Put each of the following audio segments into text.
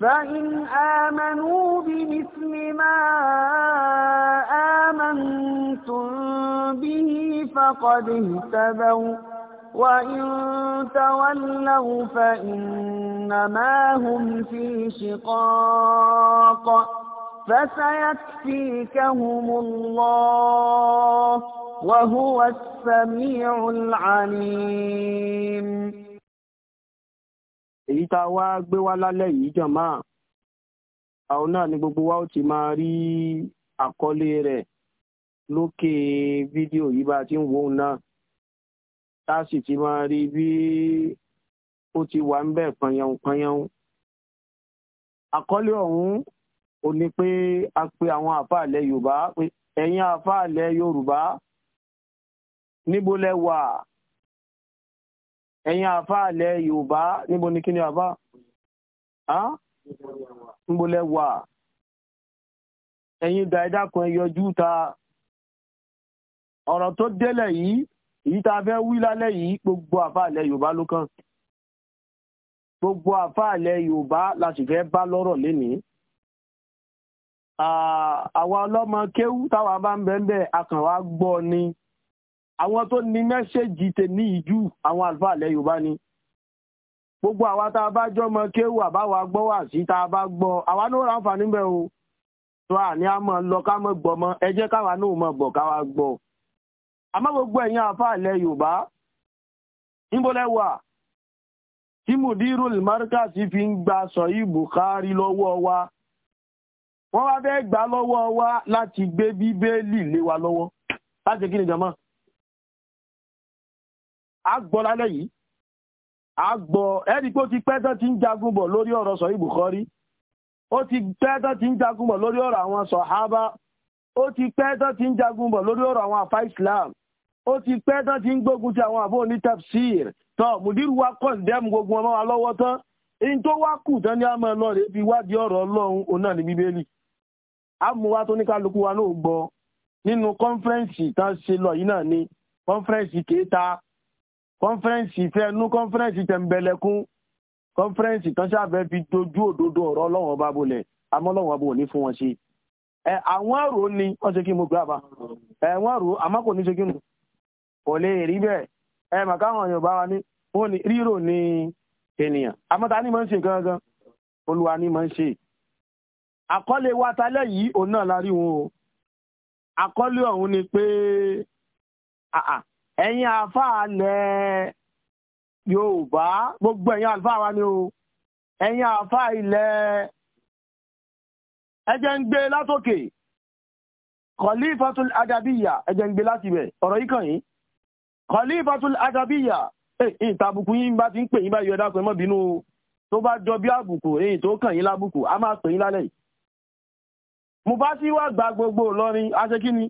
فإن آمنوا بمثل ما آمنتم به فقد اهتدوا وإن تولوا فإنما هم في شقاق فسيكفيكهم الله وهو السميع العليم èyí tá a wá gbé wá lálẹ́ yìí jàmá àwọn náà ni gbogbo wa ó ti máa rí àkọlé rẹ̀ lókè fídíò yìí bá a ti ń wò ó náà tá a sì ti máa rí bí ó ti wà ń bẹ̀ pọnyanpọnyan. àkọlé ọ̀hún ò ní pé a pe àwọn àfàlẹ́ yorùbá ẹ̀yin àfàlẹ́ yorùbá níbo lẹ wà ẹ̀yin àfa alẹ́ yorùbá níbo ni kíni àfa níbo lẹ wà ẹ̀yin dàídà kan yọjú ta ọ̀rọ̀ tó délẹ̀ yìí èyí tá a fẹ́ wí lálẹ́ yìí gbogbo àfa alẹ́ yorùbá ló kàn gbogbo àfa alẹ́ yorùbá la sì fẹ́ bá lọ́rọ̀ lénìí àwa ọlọ́mọ kéwú táwa bá ń bẹ́ẹ̀ bẹ́ẹ̀ akàn wá gbọ́ ni àwọn tó ní mẹ́ṣẹ́jì tè ní ìjú àwọn àlùfáà ilẹ̀ yorùbá ni gbogbo àwa tá a bá jọmọ kéwù àbáwa gbọ́ wà sí tá a bá gbọ́ àwa náà rà àǹfààní bẹ́ẹ̀ o tó à ní a mọ̀ lọ ká mọ̀ gbọ́ mọ́ ẹ jẹ́ káwa náà mọ̀ bọ̀ káwa gbọ́ àmọ́ gbogbo ẹ̀yin àlùfáà ilẹ̀ yorùbá níbo lẹ tí mùdírù márkàsì fi ń gba sọ̀yí Bukhari lọ́wọ́ wa wọ́n wá fẹ́ gbà lọ́wọ́ wa láti gbé bíbélì lé wa lọ́wọ́ láti kí ni jàmáà á gbọ́ lálẹ́ yìí á gbọ́ ẹni pé ó ti pẹ́ tán ti ń jagun bọ̀ lórí ọ̀rọ̀ sọ ibùkọ́rí ó ti pẹ́ tán ti ń jagun bọ̀ lórí ọ̀rọ̀ àwọn sọ̀hábà ó ti pẹ́ tán ti ń jagun bọ̀ lórí ọ̀rọ̀ àwọn àfa Islam ó ti pẹ́ tán ti ń gbógun ti àwọn àbó ní tafsir tán mùdírù wa kọ̀ dẹ́mu gbogbo ọmọ wa lọ́wọ́ tán in tó wá kù tán ní a máa lọ rèé fi wádìí ọ̀rọ̀ ọlọ́run òun náà ní bíbélì amúwá tó ní kálukú wa náà gbọ́ nínú kọ́nfẹ́rẹ́ǹsì tán ṣe lọ yìí náà ni kọ́nfẹ́rẹ́ǹsì kéta kọ́nfẹ́rẹ́nsì fẹ́ẹ́nú kọ́nfẹ́rẹ́nsì tẹ̀m̀bẹ̀lẹ̀kún kọ́nfẹ́rẹ́nsì kan ṣàfẹ́ fi dojú òdodo ọ̀rọ̀ ọlọ́run ọba bolẹ̀ àmọ́ ọlọ́run ọba ò ní fún wọn ṣe. ẹ àwọn àrò ni wọ́n ṣe kí mo gbé àbá ẹ wọ́n àrò àmọ́ kò ní ṣe kí mo kò lè rí bẹ́ẹ̀ ẹ mà káwọn Yorùbá wa ní wọ́n ní rírò ní ènìyàn àmọ́ ta ni máa ń ṣe gangan Olúwa ni máa ń ṣe. àkọlé wa talẹ́ yìí òun náà ẹ̀yin àáfàá lẹ̀ Yorùbá gbogbo ẹ̀yin àáfàá wa ni o ẹ̀yin àáfàá ilẹ̀ ẹjẹ́ ń gbé látòkè Khalifatul Adabiya ẹjẹ́ ń gbé láti bẹ̀ ọ̀rọ̀ yìí kàn yín Khalifatul Adabiya ìtàbùkù eh, yín bá ti ń pè yín bá yọ ẹ̀dá pẹ̀ mọ́ bínú o tó bá jọ bí àbùkù èyí tó kàn yín lábùkù a máa pè yín lálẹ́ yìí mo bá sí wà gba gbogbo Ìlọrin aṣekíni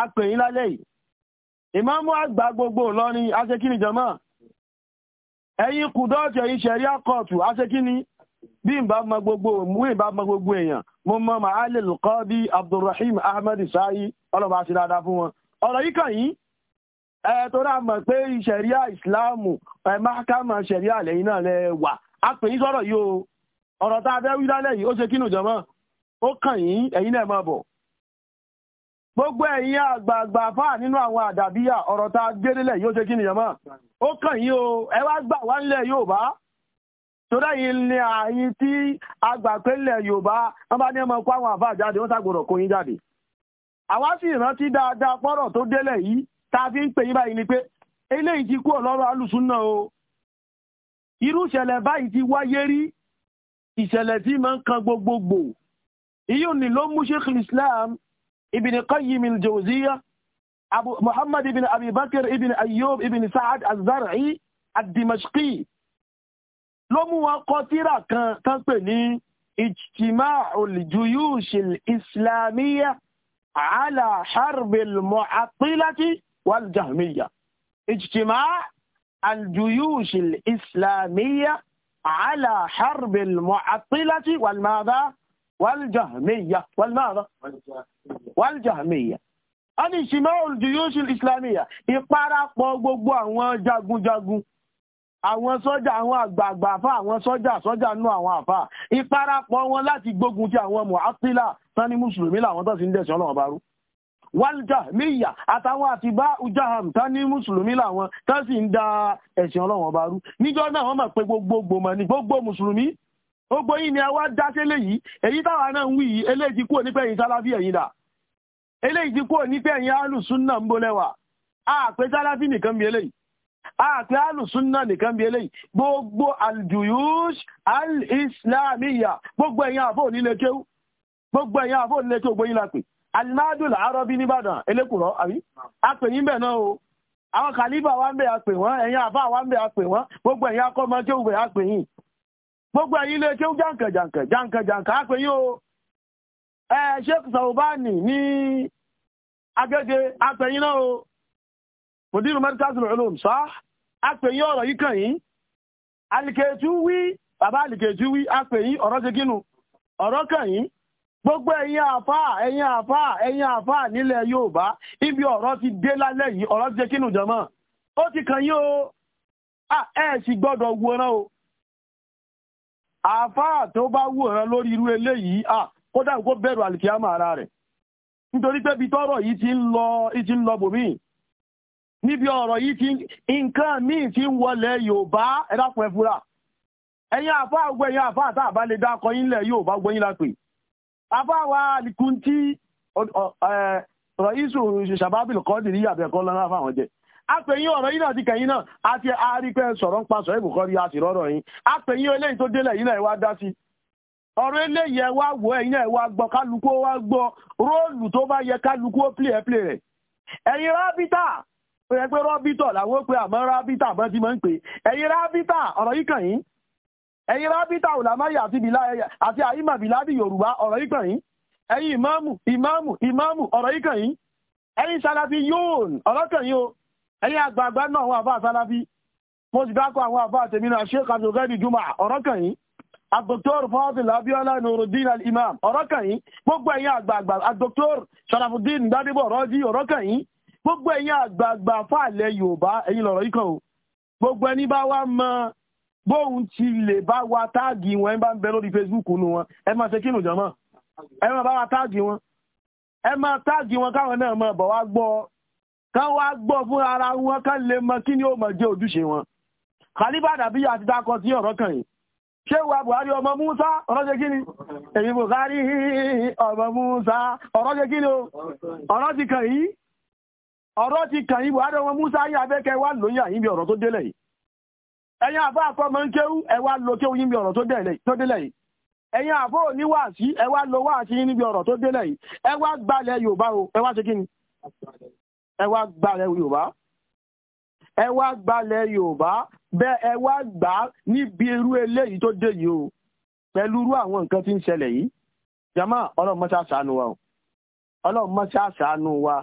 a pè yín lálẹ́ yìí ìmáàmù àgbà gbogbo Ìlọrin aṣekíni jọmọ́ ẹ̀yin kùdọ́ọ̀tì ẹ̀yin ṣẹ̀rí àkọ́ọ̀tù aṣekíni bí n bá mọ gbogbo èèyàn mo bí Abdulrahim Ahmed Sayi ọlọ́ba àti dáadáa fún wọn ọ̀rọ̀ yìí kàn yín ẹ tó mọ̀ pé ká a gbogbo ẹ̀yin àgbààgbà fáà nínú àwọn àdàbíyà ọ̀rọ̀ tá a gbélélẹ̀ yóò ṣe kí nìyẹn mọ́ ó kàn yín o ẹ gbà wá ńlẹ̀ Yorùbá torí ẹ̀yin ni àyín tí àgbà pé ńlẹ̀ Yorùbá wọ́n bá ní ọmọ kó àwọn àfáà jáde wọ́n ṣàgbọ̀rọ̀ kó yín jáde àwa sì rántí dáadáa pọ́rọ̀ tó délẹ̀ yìí tá a fi ń pè yín báyìí ni pé eléyìí ti kú ọ̀lọ́rọ̀ alùsùnà o irú ìṣẹ̀lẹ̀ báyìí ti wáyé rí ìṣẹ̀lẹ̀ tí máa ń kan gbogbogbò ìyóò ní ló mú Sheikh Islam ابن قيم الجوزية أبو محمد بن أبي بكر ابن أيوب ابن سعد الزرعي الدمشقي لو قتيرا كان تسني اجتماع الجيوش الإسلامية على حرب المعطلة والجهمية اجتماع الجيوش الإسلامية على حرب المعطلة والماذا والجهمية والماذا والجهمية الانشماع الجيوش الإسلامية ìparapọ̀ gbogbo àwọn jagunjagun àwọn sọ́jà àwọn àgbààgbà àfà àwọn sọ́jà sọ́jà nú àwọn àfà ìparapọ̀ wọn láti gbógun ti àwọn mu'attila tán ní mùsùlùmí làwọn tó sì ń dẹ̀sìn ọlọ́run bá rú waljahmiya àtàwọn àtibá ujaham tán ní mùsùlùmí làwọn tán sì ń da ẹ̀sìn ọlọ́run bá rú níjọ́ náà wọ́n mọ̀ pé gbogbogbò mọ̀ ní gbogbo mùsùlùmí gbogbo yìí ni a wá dáṣẹ́ léyìí èyí táwa náà ń wí yìí eléyìí ti kúrò nípẹ̀yìn sáláfì ẹ̀yìn dà eléyìí ti kúrò nípẹ̀yìn alùsùnà ń bolẹ́wà àpé sáláfì nìkan bí eléyìí àpé alùsùnà nìkan bí eléyìí gbogbo aljuyush al-islamiyya gbogbo ẹ̀yìn àfọ̀ onílé kéwú gbogbo ẹ̀yìn àfọ̀ onílé kéwú gbogbo la pè alimadul arọbí nìbàdàn elékùrọ àbí àpè yín bẹ̀ náà o àwọn kàlíbà wa ń bẹ̀ àpè wọ́n ẹ̀yìn àfọ̀ àwa ń bẹ̀ àpè wọ́n gbogbo ẹ̀yìn akọ́mọ́ kéwú bẹ̀ àpè yín gbogbo ẹ̀yin ilé kéwú jàǹkà jàǹkà jàǹkà jàǹkà á pè o ẹ Sheikh Sawbani ní Agége á náà o ọ̀rọ̀ yìí kàn yín alìkèétú wí bàbá ṣe kínú gbogbo ẹ̀yin àfà ẹ̀yin àfà nílẹ̀ Yorùbá ibi ọrọ ti dé yìí ṣe kínú ó ti kàn o àfáà tó bá wòran lórí irú eléyìí à kódà kó bẹ̀rù àlìkíyàmà ara rẹ̀ nítorí pé bí tọ́rọ̀ yìí ti ń lọ ti ń lọ bòmíì níbi ọ̀rọ̀ yìí ti nǹkan míì ti ń wọlé Yorùbá ẹ̀dàkùn ẹ̀fúra ẹ̀yin àfáà gbọ́ ẹ̀yin àfáà tá àbá lè dákọ yín lẹ̀ Yorùbá gbọ́ yín lápè wa Àlìkùntí rọ̀ísù ṣàbábìlì kọ́ọ̀dì ní yàbẹ̀kọ́ lọ́nà fáwọn jẹ́ apẹ̀yìn ọ̀rọ̀ yìí náà ti kẹ̀yìn náà àti àárípẹ́ sọ̀rọ̀ ń pa ìbùkọ́rí àti yìí apẹ̀yìn eléyìí tó délẹ̀ yìí náà ẹ wá dá sí ọ̀rọ̀ eléyìí ẹ wá ẹ̀yìn náà ẹ wá gbọ́ kálukú ó wá gbọ́ róòlù tó bá yẹ kálukú ó pe àmọ́ rábítà ti máa ń pè ẹ̀yin rábítà ọ̀rọ̀ yìí kàn yín ẹ̀yin rábítà òlàmáyà ọ̀rọ̀ yìí ẹ̀yìn àgbààgbà náà àwọn àfáà sálábí mo sì dákọ̀ àwọn àfáà tèmi náà Sheikh Abdulgadi Juma ọ̀rọ̀ kàn yín Dr. Fadil Abiola Nuruddin al-Imam ọ̀rọ̀ kàn yín gbogbo ẹ̀yin àgbààgbà Dr. Sharafuddin Gbadebo ọ̀rọ̀ jí ọ̀rọ̀ kàn yín gbogbo ẹ̀yin àgbààgbà fàlẹ̀ Yorùbá ẹ̀yin lọ̀rọ̀ yìí kàn o gbogbo ẹni bá wá mọ bóun ti lè bá wa táàgì wọn ẹ bá ń bẹ lórí Facebook nu wọn ẹ máa ṣe kí nìjọ mọ ẹ máa bá wa táàgì wọn ẹ máa táàgì wọn káwọn náà máa bọ̀ wá gbọ́ kán wá gbọ́ fún ara wọn kán lè mọ kí ni ó mọ̀ jẹ́ ojúṣe wọn Khalifa Adabiya àti dákọ̀ sí ọ̀rọ̀ kan yìí ṣé wa Buhari ọmọ Musa ọ̀rọ̀ ṣe kí ni èyí Buhari ọmọ Musa ọ̀rọ̀ o ọ̀rọ̀ ti kàn yìí ọ̀rọ̀ ti kàn yìí Buhari ọmọ Musa yìí abẹ́kẹ́ wà lóyún ọ̀rọ̀ tó délẹ̀ yìí ẹ̀yin àbá ń kéwú ẹ wá lo kéwú yín bí ọ̀rọ̀ tó délẹ̀ yìí ẹ̀yin àbó lo yín ọ̀rọ̀ tó délẹ̀ yìí ẹ wá o ẹ wá ẹ wá gbalẹ̀ yorùbá ẹ wá gbalẹ̀ yorùbá bẹ́ẹ̀ ẹ wá gbà á níbi irú eléyìí tó dé yìí o pẹ̀lú irú àwọn nǹkan tí ń ṣẹlẹ̀ yìí jama ọlọ́run mọ́ṣá ṣàánú wa o ọlọ́run mọ́ṣá ṣàánú wa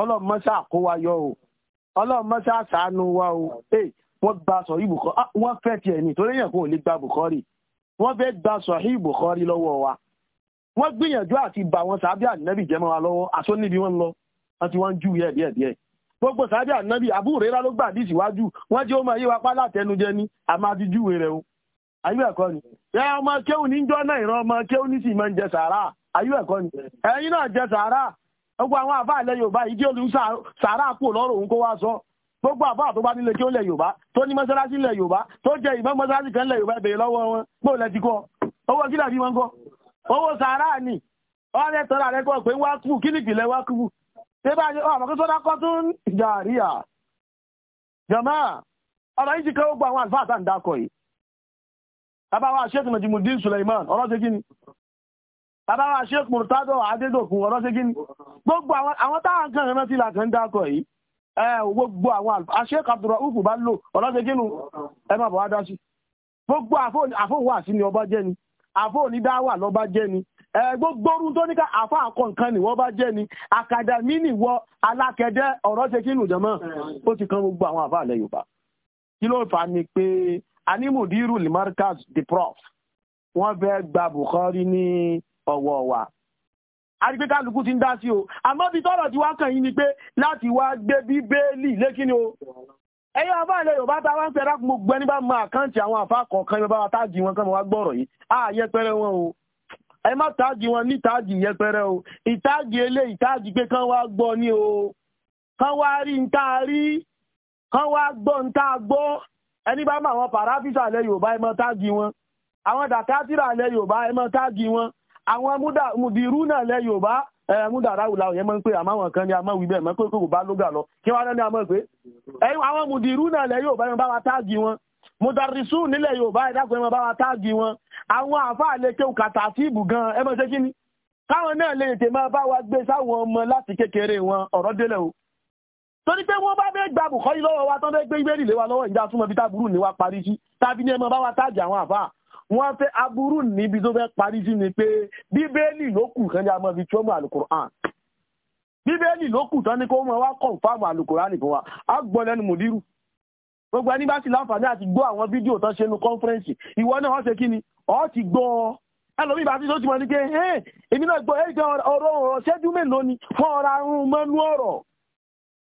ọlọ́run mọ́ṣá kó wa yọ o ọlọ́run mọ́ṣá ṣàánú wa o wọ́n gba sọ̀rí bùkọ́ ah, wọ́n fẹ́ tiẹ̀ ní torí yẹn kò lè gba bùkọ́rì wọ́n fẹ́ gba sọ̀rí bùkọ́rì lọ́wọ́ wa wọ́n gbìyànjú àti bà wọn sàbí ànábì jẹ́mọ́ wa lọ́wọ́ àsọ níbi wọn lọ wọ́n ti wọ́n ń júwe ẹ̀ díẹ̀ díẹ̀ gbogbo sáájà nábì àbúrérà ló gbà dí síwájú wọ́n jẹ́ ó máa yé wa pa látẹnujẹ ni a máa ti júwe rẹ̀ o ayé ẹ̀kọ́ ni ẹ ọmọ kéwù ní jọ́ náà ìran ọmọ kéwù ní sì máa ń jẹ sàárà ayé ẹ̀kọ́ ni ẹ̀yin náà jẹ sàárà gbogbo àwọn àbá ilẹ̀ Yorùbá yìí kí olùsà sàárà kù lọ́rùn òun kó wá sọ gbogbo àbá tó nílé kí ó lẹ̀ Yorùbá tó ní mọ́sálásí lẹ̀ Yorùbá tó jẹ ìmọ̀ mọ́sálásí kan lẹ̀ Yorùbá ìbèrè lọ́wọ́ wọn gbọ́ lẹ́ ti kọ́ owó kí dàbí wọn kọ́ owó sàárà ni ọ̀rẹ́ tọ́ra rẹ kọ́ pé wá kú kí nìpìlẹ̀ wá kú ṣé bá yọ ọmọ kí sọ́dá kọ́ tún ìjà àríyá jọ̀mọ́ ọ̀rọ̀ yìí ti kẹ́ gbogbo àwọn àlùfáà tá à ń dákọ̀ yìí bàbá wa sheikh najimudin suleiman ọ̀rọ̀ ṣe kíni bàbá wa sheikh murtado adédokun ọ̀rọ̀ ṣe kíni gbogbo àwọn táwọn kan rẹ̀ ti là kàn ń dákọ̀ yìí ẹ gbogbo àwọn àlùfáà sheikh abdulrahuf bá lò ọ̀rọ̀ ṣe kíni ọba jẹ́ ni àfóòní dáwà lọ́ba jẹ́ ni gbogbo tó ní ká àfa àkọ nǹkan ni wọ́n bá jẹ́ ni àkàdàmí nìwọ alákẹ̀dẹ ọ̀rọ̀ ṣe kí nùjọ́mọ́ ó ti kan gbogbo àwọn àfa àlẹ́ yorùbá kí ló fà á ni pé animudiru limarkas the prof wọ́n fẹ́ gba Bukhari ní ọwọ́ wa àdìpé kálukú ti ń dá sí o àmọ́ bí tọ́rọ̀ ti wá kàn yín ni pé láti wá gbé bíbélì lékí ni o ẹ̀yin àfa àlẹ́ yorùbá tá a wá ń fẹ́ rákùn gbogbo ẹni bá mọ àkáǹtì àwọn àfa kọ̀ọ̀kan yóò bá wa táàgì wọn kán wọn wá gbọ́rọ̀ yìí ẹ má táàgì wọn ní táàgì yẹpẹrẹ o ìtáàgì eléyìí táàgì pé kán wá gbọ́ ni o kán wá rí n tá a rí kán wá gbọ́ n tá a gbọ́ ẹni bá mọ àwọn pàráfíṣà lẹ Yorùbá ẹ má táàgì wọn àwọn dàkátìrà lẹ Yorùbá ẹ má táàgì wọn àwọn mùdìrú náà lẹ Yorùbá ẹ mú dàrá wùlà òyìn mọ́ ń àwọn kan ní àmọ́ wíbẹ̀ mọ́ pé kò bá lóga lọ kí wọ́n á lẹ́nu àmọ́ pé àwọn mùdìrú náà lẹ Yorùbá ẹ má táàgì wọn mùdàrísù nílẹ̀ yorùbá ìdákùn ẹmọ bá wa táàgì wọn àwọn àfáà lè kéwù kàtàfíìbù gan ẹmọ ṣe kíni káwọn náà lè tè máa bá wa gbé sáwọn ọmọ láti kékeré wọn ọ̀rọ̀ délẹ̀ o torí pé wọ́n bá fẹ́ gba bùkọ́yí lọ́wọ́ wa tán fẹ́ gbé ìbéèrè lé wa lọ́wọ́ ìjà súnmọ́ bí táburú ni wa parí sí tàbí ní ẹmọ bá táàgì àwọn àfáà wọ́n fẹ́ aburú níbi tó fẹ́ parí sí ni pé bíbélì ló kù kan ní a máa fi tí ó mọ àlùkùránì bíbélì ló kù tán ní kó mọ wá kọ̀ǹfàmù àlùkùránì fún wa á gbọ́ lẹ́nu mùdírù gbogbo ẹni bá sì láǹfààní àti gbọ́ àwọn fídíò tó ṣe nu kọ́nfẹ́rẹ́nsì ìwọ náà wọ́n ṣe kí ni ọ́ ti gbọ́ ọ ẹlòmíì bá ti tó ti mọ̀ ní pé èmi náà gbọ́ èyí ọ̀rọ̀ ọ̀rọ̀ ṣẹ́jú mélòó ni fún ọ̀rọ̀ àrùn mọ́nú ọ̀rọ̀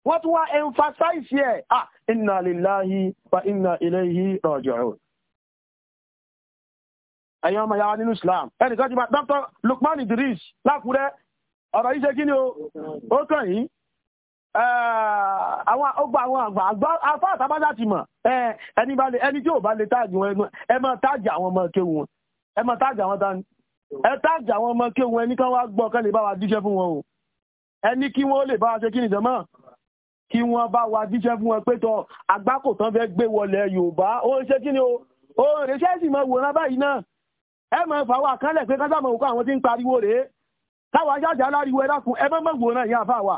wọ́n tún wá emphasize ẹ̀ ah inna lillahi wa inna ilayhi raji'un ẹ̀yin ọmọ yàrá nínú Islam ẹnìkan ti bá Dr. Lukman Idris lákùrẹ́ ọ̀rọ̀ yìí ṣe kí ni o ó kàn yìí Eh, àwọn ọgbà àwọn àgbà afá àtàbádà ti mọ̀ eh, ẹni tí ò bá lè táàjì wọn ẹnu ẹ máa táàjì àwọn ọmọ kéwù wọn ẹ máa táàjì àwọn tani ẹ táàjì àwọn ọmọ kéwù wọn ẹni kan wá gbọ́ kan lè bá wa díṣẹ́ fún wọn o ẹni kí wọ́n lè bá wa ṣe kí nìjọ mọ́ kí wọ́n bá wa díṣẹ́ fún wọn pé tọ àgbákò tán fẹ́ gbé wọlé Yorùbá ó ń ṣe kí ni o ó ń rè ṣẹ́ẹ̀sì mọ wòran báyìí náà ẹ mọ̀ fà wà kánlẹ̀ pé kásámọ̀ òkú àwọn tí ń pariwo rèé káwa ṣáàṣà aláriwo ẹ dákun ẹ mọ̀ mọ̀ wòran ìyá àfà wà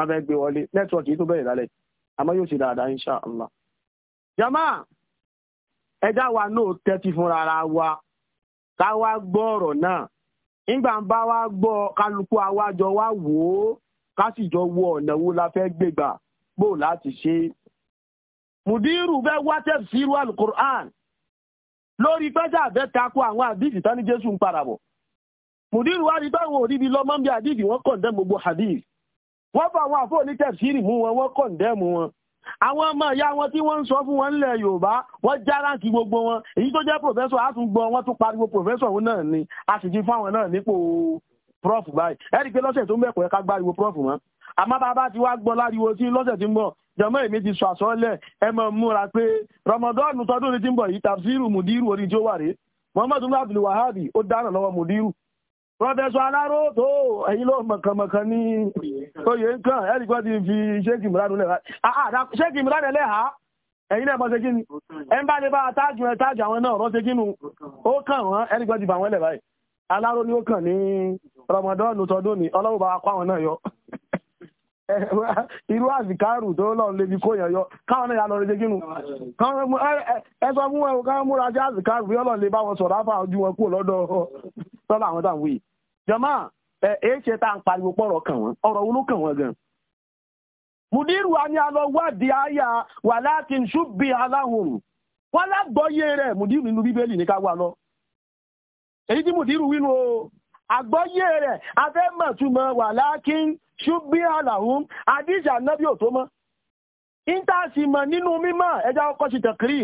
abẹ́ gbé wọlé nẹ́tíwọ̀kì yìí tó bẹ̀rẹ̀ lálẹ́ àmọ́ yóò ṣe dáadáa insha Allah. jama ẹja wa náà tẹ́tí fúnra ara wa ká wá gbọ́ ọ̀rọ̀ náà nígbà ń bá wá gbọ́ kálukú awájọ wá wò ó ká sì jọ wo ọ̀nà wo la fẹ́ gbégbà bó láti ṣe. mùdírù bẹ́ẹ̀ wá tafsiru al-Qur'an lórí pẹ́jà bẹ́ẹ̀ takò àwọn àdìsí tani Jésù ń padà bọ̀. mùdírù wá rí báwọn òríbi lọ́mọ́ bí àdìsí wọ́n kọ̀ndẹ́ gbogbo àdìsí wọ́n bá àwọn àfọ́ onítẹ̀sírì mú wọn wọ́n kọ̀ǹdẹ́mù wọn àwọn ọmọ ìyá wọn tí wọ́n ń sọ fún wọn nílẹ̀ yorùbá wọ́n járáǹkì gbogbo wọn èyí tó jẹ́ pòfẹ́sọ̀ á wọn tún pariwo pòfẹ́sọ̀ òun náà ni a sì ti fáwọn náà nípò prof báyìí ẹ̀rí pé lọ́sẹ̀ tó mẹ́kọ̀ọ́ ká gbáriwo prof mọ́ àmọ́ bàbá ti wá gbọ́ láriwo sí lọ́sẹ̀ tí ń bọ̀ jọmọ́ èmi ti sọ àsọ́lẹ̀ ẹ mọ̀ múra pé rọmọdọ́ọ̀nù tọdún ní ti ń bọ̀ yìí tàbí sírù mùdírù orí tí ó wà rèé Muhammadu Abdul Wahabi ó dáná lọ́wọ́ mùdírù Prọfẹ́sọ Aláró tó ẹ̀yìn ló mọ̀kànmọ̀kàn ní oyè nǹkan ẹ̀rìkọ́ ti fi ṣéèkì mìíràn lẹ́ha. Àdá ah, ah, ṣéèkì mìíràn lẹ́ha ẹ̀yìn lẹ́ẹ̀mọ́ ṣe kíni. Ẹ ń bá lè bá tájù ẹ tájù àwọn náà rọ́ ṣe kínu. Ó kàn wọ́n ẹ̀rìkọ́ ti bà wọ́n lẹ̀ báyìí. Aláró ni ó kàn ní Ramadan tọdún ni ọlọ́wọ́ bá kó àwọn náà yọ. Irú àsìkárù tó lọ lè fi kóyàn yọ káwọn náà yà lọ ṣe kínu. Ẹ sọ fún ẹ káwọn múra sí àsìkárù bí ọlọ́ọ̀ lè bá wọn sọ̀rọ̀ áfà ojú wọn kúrò lọ́dọ̀ sọ́lá àwọn dáhùn wíì jọmọ́ ẹ èé ṣe tá à ń pariwo pọ̀rọ̀ kàn wọ́n ọ̀rọ̀ wo ló kàn wọ́n gan. mùdírù wa ni a lọ wádìí àyà wà láti ṣùbí aláhùn wọn lágbọ́yé rẹ̀ mùdírù nínú bíbélì ní ká wà lọ. èyí tí mùdírù wí nu o àgbọ́yé rẹ̀ afẹ́mọ̀túmọ̀ wà láti ṣùbí aláhùn àdìsí ànábì ò tó mọ́. ìntàsímọ̀ nínú mímọ̀ ẹja ọkọ̀ ṣì tẹ̀kírì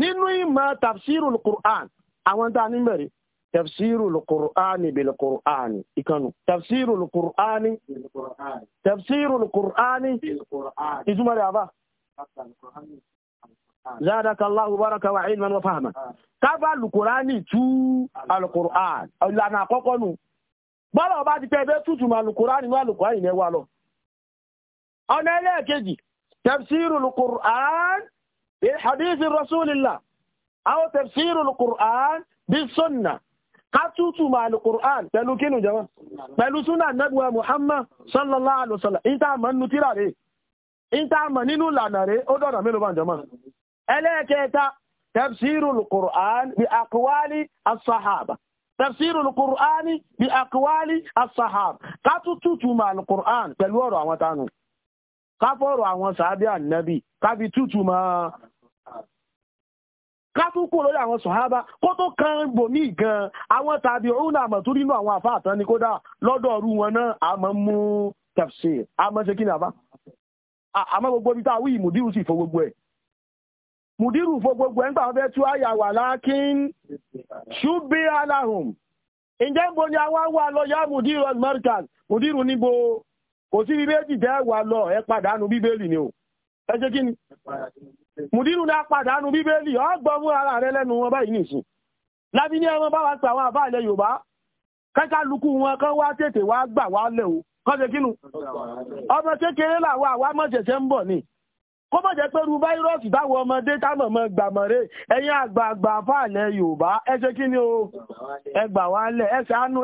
nínú ìmọ̀ tafsirul Qur'an àwọn tá a ní mẹ́rin tafsiru al-qur'ani bil qur'ani ikanu tafsiru al-qur'ani bil qur'ani tafsiru al-qur'ani bil qur'ani ìtumọ̀ rẹ̀ aba zadaka allah baraka wa ilman wa fahma ka ba al-qur'ani tu al-qur'an ìlànà àkọ́kọ́ nu bọ́lọ̀ bá ti pẹ́ bẹ́ tútù ma al-qur'ani ní al-qur'ani ní wa lọ ọ̀nà ẹlẹ́ẹ̀kejì tafsiru al-qur'an bil hadith rasulillah aw tafsiru al-qur'an bis sunnah kátútù ma alìkùrán pẹ̀lú kínú jama pẹ̀lú súnà nẹ́gbẹ̀ muhammad sallallahu alaihi wasallam in ta mọ̀ nínú tíra rẹ̀ in ta mọ̀ nínú lànà rẹ̀ ó dọ̀nà mélòó bá jama ẹlẹ́ẹ̀kẹta tafsirul qur'an bi aqwali as-sahaba tafsirul qur'an bi aqwali as-sahaba kátútù ma alìkùrán pẹ̀lú ọ̀rọ̀ àwọn tánu káfọ́rọ̀ àwọn sàábí ànábì kábi tútù ma kátó kò lórí àwọn sọ̀hábà kó tó kan bòmí gan àwọn tàbí òun náà mọ̀ tó nínú àwọn àfa ni kódà lọ́dọ̀ ọ̀rú wọn náà àmọ́ mú tafsir àmọ́ ṣe kí ni àbá àmọ́ gbogbo ibi tá a wí mùdírù sì fọ gbogbo ẹ̀ mùdírù fọ gbogbo ẹ̀ ń gbà wọn fẹ́ tú àyà wà lákín ṣùgbé aláhùn ǹjẹ́ ń bo ni àwọn wà lọ yá mùdírù al mùdírù níbo kò sí bíbélì mùdínú padà pàdánù bíbélì ọgbọ́n fún ara rẹ lẹ́nu wọn báyìí lábí ní ẹran bá wa pè àwọn àbá yorùbá wọn kán wá tètè wá gbà wá lẹ̀ o ọmọ kékeré làwọn àwa mọ̀ṣẹ̀ṣẹ̀ ń bọ̀ ni kó mọ̀ táwọn táwọn ọmọ gbàmọ̀rẹ́ àgbààgbà yorùbá ẹ ṣe o ẹ gbà ẹ ṣàánú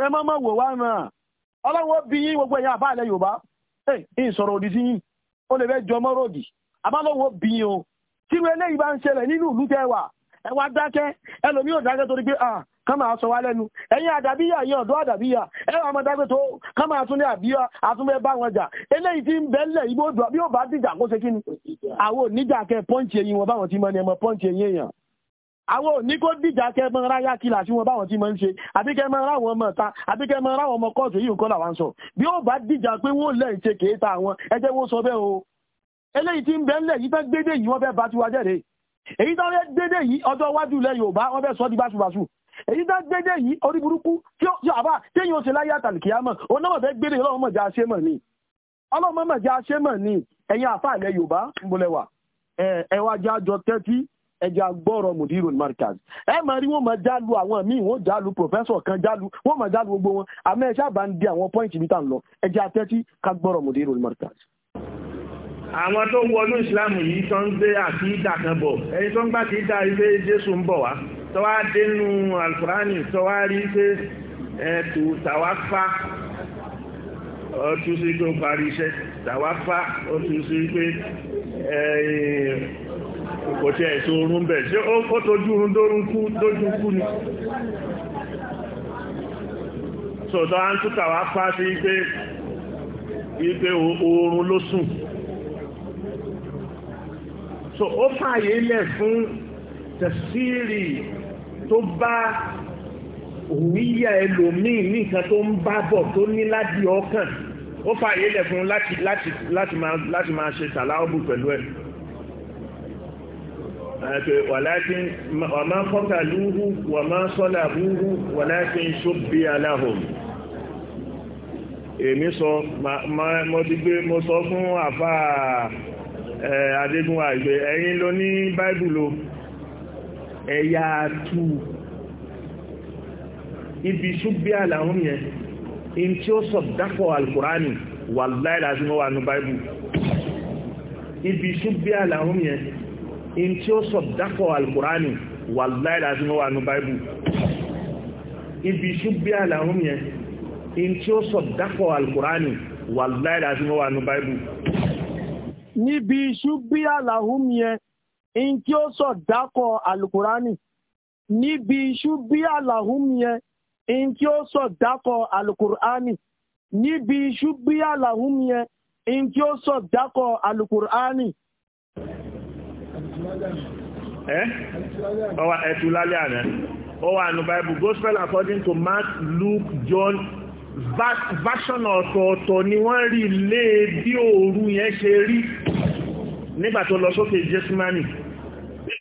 ẹ tí wọ́n eléyìí bá ń ṣẹlẹ̀ nínú ìlú tẹ́wà ẹ wá dákẹ́ ẹlòmí ò dákẹ́ torí pé à ká máa sọ wá lẹ́nu ẹ̀yin àdàbíyà yẹn ọ̀dọ́ àdàbíyà ẹ wà máa dákẹ́ tó ká tún ní àbíyà àtúnbẹ́ bá wọn jà eléyìí tí ń bẹ́lẹ̀ ibo dùn bí ó bá dìjà kó ṣe kí ni àwọn oníjà pọ́ǹchì eyín wọn báwọn ti mọ ni ẹmọ pọ́ǹchì eyín èèyàn àwọn òní kó dìjà kẹ mọ ráyà kìlà sí wọn báwọn ti mọ ń ṣe àbí kẹ mọ ráwọn ọmọ ta àbí kẹ mọ ráwọn ọmọ kóòtù yìí nǹkan làwọn sọ bí ó bá dìjà pé wọn lẹ́yìn ṣe kéé ta àwọn ẹjẹ́ wọn sọ bẹ́ẹ̀ o eléyìí tí ń bẹ ńlẹ̀ yìí fẹ́ gbédè yìí wọ́n fẹ́ bá tiwa jẹ́rẹ̀ èyí tó fẹ́ gbédè yìí ọjọ́ iwájú ilẹ̀ Yorùbá wọ́n fẹ́ sọ di báṣubàṣu èyí tó gbédè yìí orí burúkú tí ó àbá téèyàn ṣe láyé àtàlìkìyà mọ̀ onáwọ̀ fẹ́ gbédè Ọlọ́run mọ̀ já ṣe mọ̀ ni Ọlọ́run mọ̀ já ṣe mọ̀ ni ẹ̀yin àfa ilẹ̀ Yorùbá ń bolẹ̀ wà ẹ wá já jọ tẹ́tí ẹja gbọ́rọ̀ mùdírò markaz ẹ mọ̀ rí wọ́n mọ̀ jálu àwọn míì wọ́n jálu pòfẹ́sọ̀ kan jálu wọ́n mọ̀ jálu gbogbo wọn àmọ́ ẹ sábà ń di àwọn pọ́ìntì bí tá ń lọ ẹja tẹ́tí ká gbọ́rọ̀ mùdírò markaz àwọn tó wọnú ìsìláàmù yìí tó ń gbé àti ìdà kan bọ̀ ẹni tó ń gbá ti dá ilé jésù ń bọ̀ wá tó wá dé nú alkùránì tó wá rí pé ẹ̀tù tàwáfá ọtún sí tó parí iṣẹ́ tàwáfá ọtún sí pé kò tí ẹ̀sọ orun bẹ̀ ṣe ó tójú orun dórun kú dójú kú ni sọ̀tọ́ á ń tútàwáfá sí pé orun ló sùn so ó fààyè lẹ̀ fún tẹ̀síìrì tó bá òwúyà ẹlòmíì ní nǹkan tó ń bá bọ̀ tó ní láti ọkàn ó fààyè lẹ̀ fún láti láti láti máa láti máa ṣe tàláwọ́bù pẹ̀lú ẹ̀ wàlákin wàmá kọ́tàlúhù wàmá sọ́làbúhù wàlákin ṣóbi aláhùn èmi sọ mo ti gbé mo sọ fún àfáà adégún àgbẹ̀ ẹ̀yin ló ní báìbùlù ẹ̀yà àtù ibi ṣúgbé àlàún yẹn in tí ó sọ dápọ̀ alkùránì wà láìlá sí wọ́n wà ní báìbù ibi ṣúgbé àlàún yẹn in tí ó sọ dápọ̀ alkùránì wà láìlá sí wọ́n wà ní báìbù ibi wà ní báìbù níbi ṣubí àlàhùn yẹn in tí ó sọ dákọ̀ alukurani níbi ṣubí àlàhùn yẹn in tí ó sọ dákọ̀ alukurani níbi ṣubí àlàhùn yẹn in tí ó sọ dákọ̀ alukurani. ẹ ọ wa ẹtù lálẹ́ àná ó wà nù Bible gospel according to Mark Luke John version ọ̀tọ̀ọ̀tọ̀ ni wọ́n rí lé bí òru yẹn ṣe rí nígbà tó lọ sókè jésùmánì.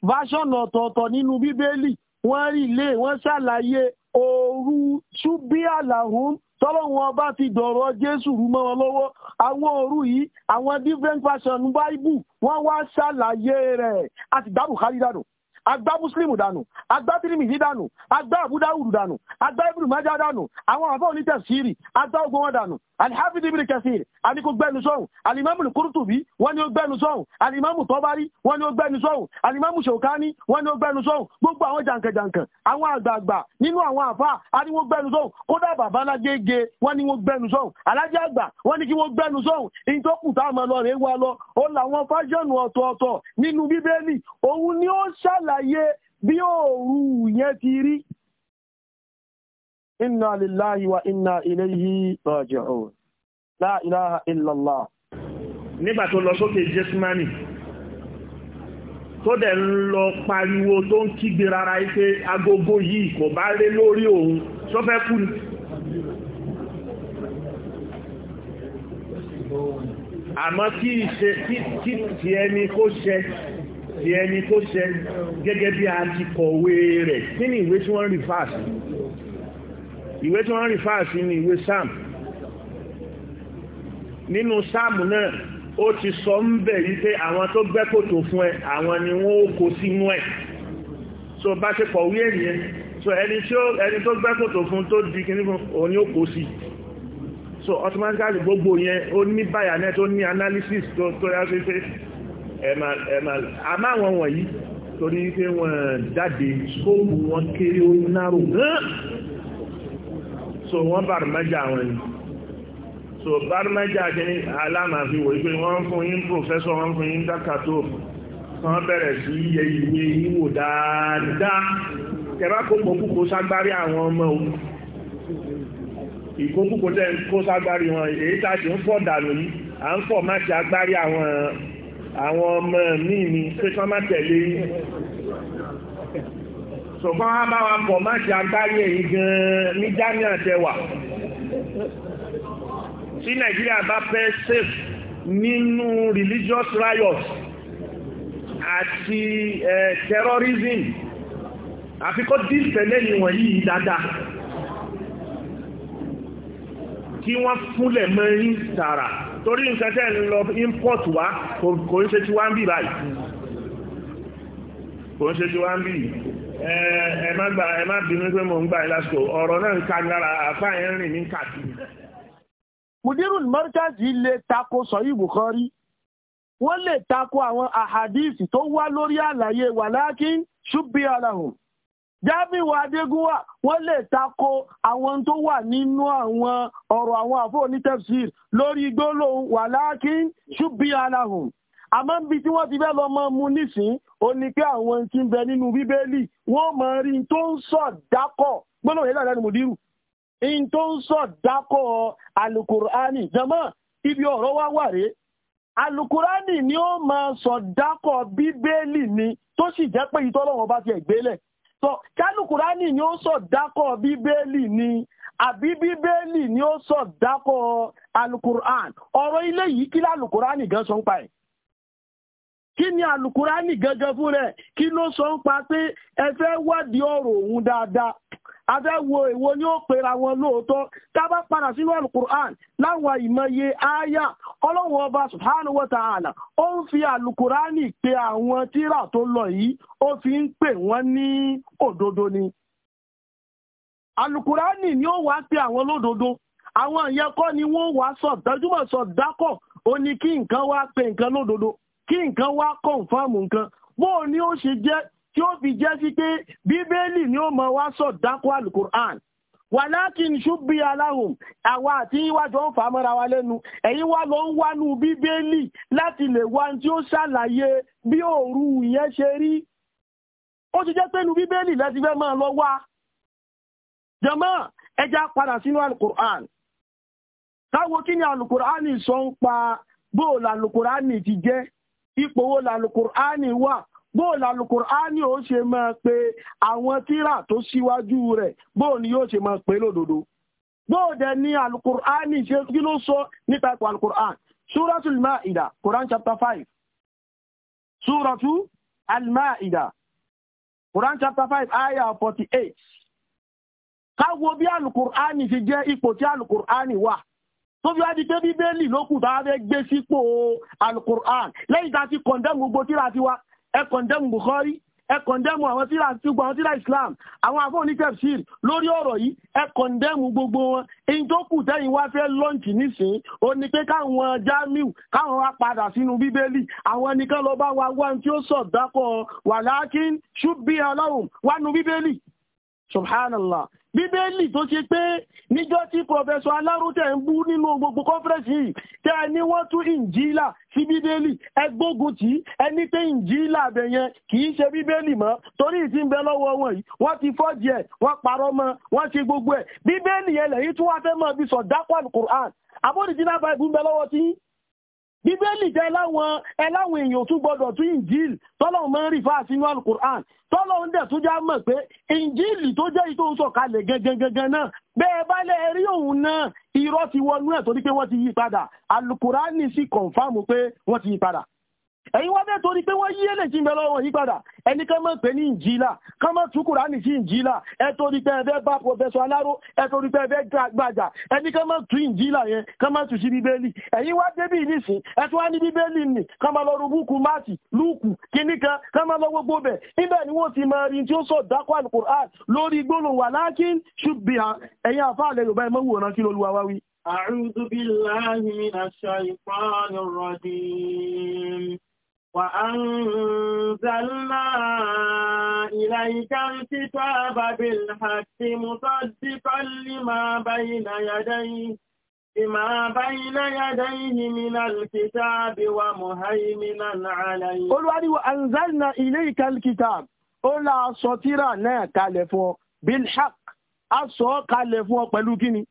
version ọ̀tọ̀ọ̀tọ̀ nínú bíbélì wọ́n rí ilé wọ́n ṣàlàyé ooru ṣubí àlàhùn tọ́lọ́wọ́n ọba ti dọ̀rọ̀ jésù rú mọ́ wọn lọ́wọ́ àwọn òru yìí àwọn different version bible wọ́n wá ṣàlàyé rẹ̀ a ti dá Bukhari dànù a gbá muslimu dànù a gbá tirimidi dànù a gbá abudawudu dànù a gbá ibùdó májá dànù àwọn àbá onítẹ̀síìrì a gbá ogun wọn dànù alihafidi ibn kasir ani kò gbẹnu sọhùn alimami kurutubi wọn ni ó gbẹnu sọhùn alimami tọbari wọn ni ó gbẹnu sọhùn alimami sokani wọn ni ó gbẹnu sọhùn gbogbo àwọn jankan-jankan àwọn àgbààgbà nínú àwọn àfa ani wọn gbẹnu sọhùn kódà babalágége wọn ni wọn gbẹnu sọhùn alájà àgbà wọn ni kí wọn gbẹnu sọhùn ìtọ́kù tá a máa lọ rèé wa lọ ó làwọn fájọ́nù ọ̀tọ̀ọ̀tọ̀ nínú bíbélì òun ni ó ṣàlàyé bí òòrùn yẹn ti rí inna lillahi wa inna ilayhi raji'un la ilaha illallah nígbà tó lọ sókè jésmánì tó dẹ̀ ń lọ pariwo tó ń kígbe rárá ipé agogo yìí kò bá ré lórí òun tó fẹ́ kú ní àmọ́ kí ìṣe tí ẹni kó ṣe tí ẹni kó ṣe gẹ́gẹ́ bí a ti kọ̀wé rẹ̀ kí ni ìwé tí wọ́n rí fáàsì ìwé tí wọ́n rí fáàfin ni ìwé sam nínú sam náà ó ti sọ ń bẹ̀ wípé àwọn tó gbẹ́ kòtò fún ẹ àwọn ni wọ́n ó kó sínú ẹ̀ so bá ṣe kọ̀wé ẹ̀yẹn so ẹni tí ó ẹni tó gbẹ́ kòtò fún tó di kí nífún òun ni ó kó sí so automatically gbogbo yẹn ó ní bayanet tó ní analysis tó tó yá sí pé ẹ̀mà ẹ̀mà àmà àwọn wọ̀nyí torí pé wọ́n jáde skóòpù wọn kéré ó náró gán so wọ́n bàrùmẹ́jà wọn ni so bàrùmẹ́jà kí ni alámàfi wò pé wọ́n fún yín pòfẹ́sọ̀ wọ́n fún yín dákàtó wọ́n bẹ̀rẹ̀ sí yẹ ìwé ìwò dáadáa kẹfà kó gbogbo kó ságbárí àwọn ọmọ o ìgbókùkò tẹ́ kó ságbárí wọn èyí tá a ti ń fọ́ dànù yìí à ń fọ́ má ti agbárí àwọn ọmọ míì ni pé kán má tẹ̀lé yìí ṣùgbọ́n a bá wa pọ̀ má ṣe agbárí èyí gan-an ní jamiu àtẹwà tí nàìjíríà bá fẹ́ safe nínú religious riots àti terrorism àfikọ́ dìtẹ̀lẹ́ ìwọ̀n yìí dáadáa kí wọ́n fúnlẹ̀ mẹ́rin tààrà torí nǹkan tẹ́ ń lọ import wá kò ń ṣe tí wá ń bì báyìí kò ń ṣe tí wá ń bì yìí ẹ má bínú pé mo ń gbà lásìkò ọ̀rọ̀ náà ń ka lára àfáàyàn rìn ní kàkiri. mudirun markazi lè tako sọyí bukhari wọ́n lè tako àwọn ahadisi tó wá lórí àlàyé wàlákin ṣubbi alahum jamiu adégúnwà wọ́n lè tako àwọn tó wà nínú àwọn ọ̀rọ̀ àwọn àfọ onítẹfsir lórí gbólóhùn wàlákin ṣubbi alahum àmọ́ níbi tí wọ́n ti fẹ́ lọ mọ́ mu nísìn ó ní pé àwọn tí ń bẹ nínú bíbélì wọ́n mọ rí n tó ń sọ dákọ̀ gbọ́dọ̀ yẹn dáadáa ni mo dírù n tó ń sọ dákọ̀ alukurani jama ibi ọ̀rọ̀ wa wà rèé alukurani ni ó máa sọ dákọ̀ bíbélì ni tó sì jẹ́ pé ìtọ́lọ́wọ́n bá ti ẹ̀ gbélẹ̀ sọ kálùkùránì ni ó sọ dákọ̀ bíbélì ni àbí bíbélì ni ó sọ dákọ̀ alukur'an ọ̀rọ̀ ilé yìí kí lálùkùránì gan sọ ń pa ẹ̀ kí ni alukurani gẹ́gẹ́ fún rẹ̀ kí ló sọ ń pa pé ẹ fẹ́ wádìí ọ̀rọ̀ òun dáadáa a fẹ́ wo èwo ni ó pera wọn lóòótọ́ tá a bá padà sínú alukuran láwọn ìmọye aya ọlọ́run ọba subhanahu wa ta'ala ó ń fi alukurani pe àwọn tíra tó lọ yìí ó fi ń pè wọ́n ní òdodo ni alukurani ni ó wá pe àwọn lódodo àwọn ìyẹn kọ́ ni wọ́n wá sọ dájúmọ̀ sọ dákọ̀ ó ní kí nǹkan wá pe nǹkan lódodo kí nǹkan wá kọ̀ǹfàmù nǹkan bó o ní ó ṣe jẹ́ tí ó fi jẹ́ sí pé bíbélì ni ó mọ wá sọ dákú alukur'an wàlákin ṣubbi aláhùn àwa àti ìwájọ ń fà mọ́ra wa lẹ́nu ẹ̀yin wá lọ ń wánú bíbélì láti lè wá tí ó ṣàlàyé bí òru ìyẹn ṣe rí ó ti jẹ́ pẹ́nu bíbélì láti fẹ́ máa lọ wá jàmá ẹja padà sínú alukur'an káwo kí ni alukur'an sọ ń pa bóòlù alukur'an ti jẹ́ ipò wo làlùkùránì wà bóò làlùkùránì ó ṣe máa pe àwọn tíra tó síwájú rẹ̀ bóò ni yóò ṣe máa pe lódodo bóò dẹ̀ ni àlùkùránì ṣe kí ló sọ nípa ipò àlùkùránì súratul Maida Quran chapter five Suratu al-Maida Quran chapter five ayah forty eight káwo bí àlùkùránì ṣe jẹ́ ipò tí àlùkùránì wà tó fi wá di pé bíbélì lókùn tá a fẹ́ gbé sípò alukur'an lẹ́yìn tá a ti kọ̀ndẹ́mù gbogbo tíra tiwa ẹ kọ̀ndẹ́mù bukhari ẹ kọ̀ndẹ́mù àwọn tíra gbogbo àwọn tíra islam àwọn afọ́ni tefsir lórí ọ̀rọ̀ yìí ẹ kọ̀ndẹ́mù gbogbo wọn èyí tó kù tẹ́yìn wá fẹ́ lọ́ǹtì nísìn ó ní pé káwọn jamiu káwọn wá padà sínú bíbélì àwọn nìkan lọ bá wa wá tí ó sọ̀ dákọ̀ wàlákín ṣùgbọ́n aláwọ̀ wá nu bíbélì subhanallah bíbélì tó ṣe pé níjọ́ tí pọfẹsọ alárútẹ ń bú nínú gbogbo kọfẹrẹsì yìí tẹ ẹ ní wọ́n tún ìnjílà sí bíbélì ẹ gbógun tì í ẹ ní pé ìnjílà abẹ yẹn kì í ṣe bíbélì mọ́ torí ìtì ń bẹ lọ́wọ́ wọn yìí wọ́n ti fọ́ọ̀jì ẹ̀ wọ́n parọ́ mọ́ wọ́n ṣe gbogbo ẹ̀ bíbélì yẹn lẹ́yìn tí wọ́n fẹ́ mọ̀ bí sọ dákọ̀ alukur'an abódìjínà báyìí ń bẹ lọ́wọ́ tí bíbélì jẹ́ láwọn ẹláwọn èèyàn tún gbọdọ̀ tún injil tọ́lọ́run máa ń rí fáà sínú alukur'an tọ́lọ́run dẹ̀ tún já mọ̀ pé injil tó jẹ́ ìtò sọ̀kalẹ̀ gangan náà bẹ́ẹ̀ bá lẹ́ rí òun náà irọ́ ti wọnú ẹ̀ torí pé wọ́n ti yí padà alukur'an sì kọ̀ǹfàmù pé wọ́n ti yí padà ẹ̀yin wá bẹ́ẹ̀ torí pé wọ́n yí èlè jí ń bẹ lọ́wọ́ yí padà ẹni ká mọ̀ pé ní ìjìlá ká mọ̀ tú Kùránì sí ìjìlá ẹ torí pé ẹ̀fẹ́ bá pọ̀fẹ́sọ aláró ẹ torí pé ẹ̀fẹ́ gbàjà ẹni ká mọ̀ tú ìjìlá yẹn ká mọ̀ tú sí bíbélì ẹ̀yin wá débì nísìn ẹ tún wá ní bíbélì nì ká mọ̀ lọ́rùn búkú máàtì lúùkù kíní kan ká mọ̀ lọ gbogbo bẹ̀ níbẹ̀ ni wọ́n ti mọ rí tí ó sọ dákọ̀ alukur'an lórí gbólóhùn walakin shubbiha ẹ̀yin àfa àlẹ́ Yorùbá ẹ̀ mọ̀ wòran kí lóluwa wá wí. A'udhu billahi minash shaytanir rajim وأنزلنا إليك الكتاب بالحق مصدقا لما بين يديه بما بين يديه من الكتاب ومهيمنا عليه Olúwa ní وأنزلنا إليك الكتاب ó la sọ tírà náà kalẹ̀ fún ọ bilhaq a sọ ọ́ kalẹ̀ fún ọ pẹ̀lú kíni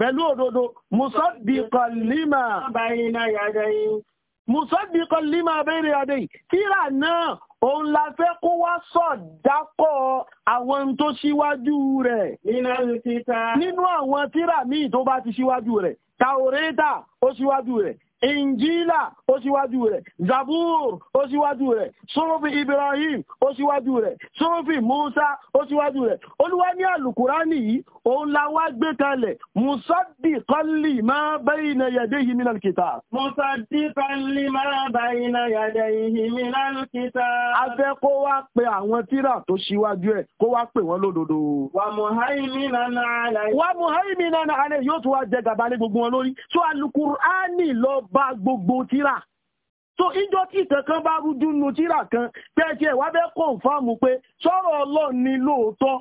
pẹ̀lú òdodo musaddiqan lima bayna yadayhi musaddiqan lima bayna yadayhi tíra náà òun la fẹ́ kó wá sọ dákọ̀ àwọn tó ṣíwájú rẹ̀ nínú àwọn tíra míì tó bá ti ṣíwájú rẹ̀ Taureta ó ṣíwájú rẹ̀ injila ó síwájú rẹ̀ zabur ó síwájú rẹ̀ sọ́rọ̀fì ibrahim ó síwájú rẹ̀ sọ́rọ̀fì musa ó síwájú rẹ̀ olúwa ní alukurani yìí òun la wá gbé kalẹ̀ musaddiqan lima bayna yadayhi minal kitab. musaddiqan lima bayna yadayhi minal kitab. a fẹ́ kó wá pe àwọn tírà tó síwájú ẹ̀ kó wá pè wọ́n lódodo. wa muhaiminan alayhi. wa muhaiminan alayhi yóò tún wá jẹ gàba gbogbo wọn lórí. so alukurani lọ bá gbogbo tíra so ìjọ tí ìtàn kan bá rújú nu tíra kan tẹ́ẹ̀tì ẹ̀ wá fẹ́ pé sọ̀rọ̀ ọlọ́run ni lóòótọ́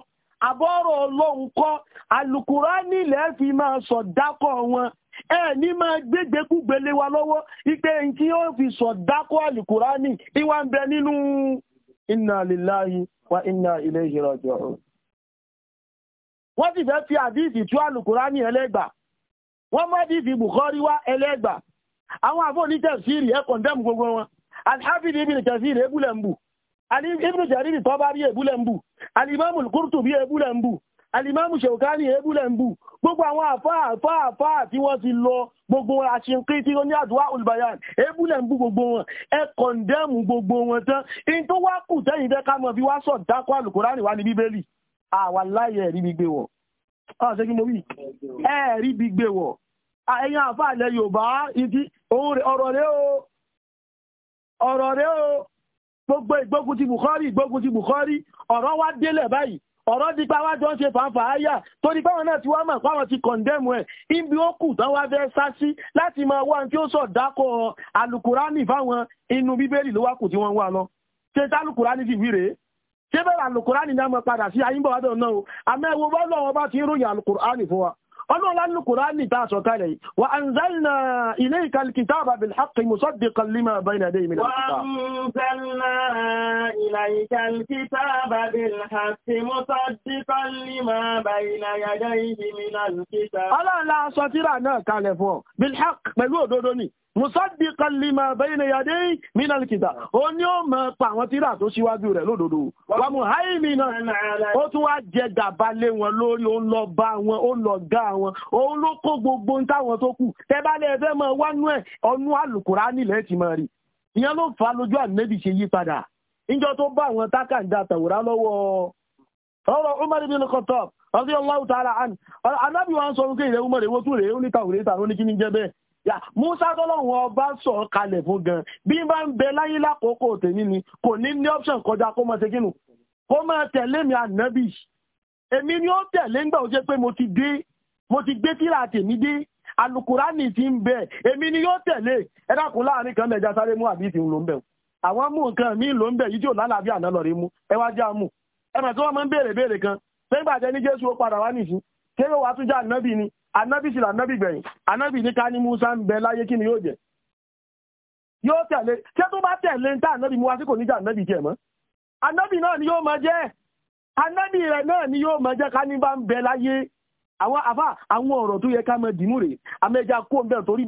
àbọ̀rọ̀ ọlọ́run kọ́ alukurani lẹ́ẹ̀ fi máa sọ̀dákọ̀ wọn ẹ ní máa gbégbé kúgbélé wa lọ́wọ́ ipe tí ó fi sọ dákọ́ àlùkùránì ìwà ń bẹ nínú inna lillahi wa inna ilayhi raji'un. wọ́n sì fẹ́ fi àdíìsì tú àlùkùránì ẹlẹ́gbà wọ́n mọ́ àdíìsì Bukhari wá ẹlẹ́gbà àwọn àfọ́ ní tẹ̀síìrì ẹ kọ̀ndẹ́mù gbogbo wọn alhafidh ibn tẹ̀síìrì ebúlẹ̀ ń bù ibn jariri tọ́bárí ebúlẹ̀ ń bù alimamu kurtubi ebúlẹ̀ ń bù alimamu shawkani ebúlẹ̀ ń bù gbogbo àwọn àfá àfá àfá tí wọ́n ti lọ gbogbo àṣìǹkí tí ó ní àdúrà olùbáyàn ebúlẹ̀ ń bú gbogbo wọn ẹ kọ̀ndẹ́mù gbogbo wọn tán in tó wá kù tẹ́yìn fẹ́ ká mọ̀ fi wá sọ̀ dákọ̀ àlùkòránì wá ní bíbélì àwa láyé ẹ̀rí gbígbé wọ̀ ẹ̀yin àfa ilẹ̀ yorùbá ìdí ọ̀rọ̀ rẹ o ọ̀rọ̀ rẹ o gbogbo ìgbógun ti Bukhari ìgbógun ti Bukhari ọ̀rọ̀ wá délẹ̀ báyìí ọ̀rọ̀ di pa wájọ́ ń ṣe fàáfà áyà tó ní báwọn náà ti wá mọ̀ páwọn ti kọ̀ndẹ́mù ẹ̀ ibi ó kù tán wá fẹ́ sá sí láti máa wá tí ó sọ dákọ̀ alukurani fáwọn inú bíbélì ló wá kù tí wọ́n wá lọ ṣe tá alukurani ti wí rèé ṣé bẹ́ẹ̀ alukurani náà mọ̀ padà sí ayínbọ̀ wádọ̀ náà o àmọ́ ẹ̀wọ̀ bọ́ọ̀lù àwọn bá ti ń ròyìn alukurani fún wa ọlọ́run lánàá kùránì tá a sọ kalẹ̀ yìí wa anzalna ilayka alkitaba bilhaqqi musaddiqan lima bayna yadayhi minal kitab. wa anzalna ilayka alkitaba bilhaqqi musaddiqan lima bayna yadayhi minal kitab. ọlọ́run lánàá sọ tíra náà kalẹ̀ fún ọ musaddiqan lima bayna yadayhi min al ó ní ó mọ̀ pa àwọn tíra tó síwájú rẹ̀ lódodo wa muhaiminan ó tún wá jẹ gàba lé wọn lórí ó ń lọ bá wọn ó ń lọ gá wọn òun ló kó gbogbo ń táwọn tó kù tẹ bá lè fẹ́ mọ wánú alukora ọnú ti mọ̀ rí ìyẹn ló fa lójú ànẹ́bì ṣe yí padà níjọ tó bá àwọn tákàndá tàwùrá lọ́wọ́ sọ wípé Musa tọ́lọ́run ọba sọ kalẹ̀ fún gan bí bá ń bẹ láyé lákòókò tèmi ni kò ní ní option kọjá kó máa ṣe kínú kó máa tẹ̀lé mi ànábì èmi ni ó tẹ̀lé ńgbà ó jẹ́ pé mo ti dé mo ti gbé tíra tèmi dé alukurani ti ń bẹ èmi ni yóò tẹ̀lé ẹ dákun láàrin kan mẹja sáré mú àbí ti ń lò ń bẹ àwọn mú nǹkan mi ló ń bẹ yìí tí ò lálàáfíà náà lọ rí mú ẹ wá já mú ẹ mà tí wọn máa ń béèrè béèrè kan pé gbàjẹ ní Jésù ó padà wá nìyí kéré tún já ànábì ni Anabi sila lànábì gbẹ̀yìn anábì ní ká Musa n bẹ láyé kí ni yóò jẹ yóò tẹ̀lé ṣé tó bá tẹ̀lé ń tá anábì mú wa sí kò ní jẹ Anabi naa ni yóò ma jẹ́ Anabi rẹ̀ ni yóò ma jẹ́ ká ní bá bẹ láyé àwọn àfà àwọn ọ̀rọ̀ tó yẹ ká mọ torí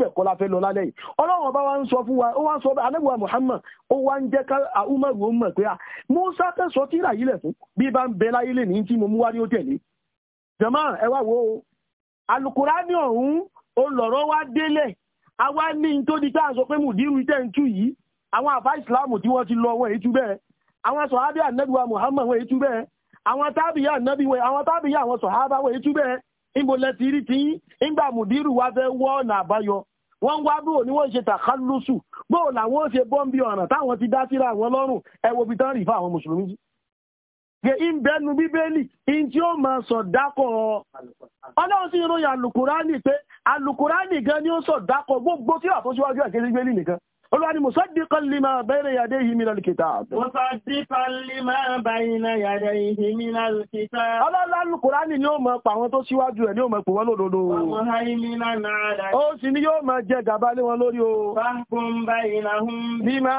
ọba wa ń sọ fún wa ó wa Muhammad ó wá umaru ó Musa tẹ̀sọ́ tíra yìí lẹ̀ fún bí bá ń bẹ alukurani ọ̀hún olọ̀rọ̀ wa délẹ̀ àwa ní tó di tá à sọ pé mùdírù tẹ̀ ń tú yìí àwọn àfa ìsìláàmù tí wọ́n ti lọ wọn èyí tú bẹ́ẹ̀ àwọn sọ̀hábí ànábìwá Muhammad wọn èyí tú bẹ́ẹ̀ àwọn tábìyà ànábìwá àwọn tábìyà àwọn sọ̀hábà wọn èyí tú bẹ́ẹ̀ ìmọ̀lẹ̀ ti rí tí ńgbà mùdírù wa fẹ́ wọ́ ọ̀nà àbáyọ wọ́n ń wá bóò ni wọ́n ṣe tàkálùsù ti dá gẹ ìbẹ́nu bíbélì in tí ó máa sọ dákọ̀ ọlọ́run ya ìròyìn alukurani pe alukurani gan ni o sọ dákọ̀ gbogbo tí wà tó síwájú ẹ̀kẹ́ bíbélì Olúwa ni musaddiqan lima bayna yadayhi minal kitab. Musaddiqan lima bayna yadayhi minal kitab. Ọlọ́lá Kùránì ni ó mọ̀ pa àwọn tó síwájú ẹ̀ ni ó mọ̀ pè Ó sì ni yóò mọ̀ jẹ gàba lé wọn lórí o. Fahkum baynahum. Bima.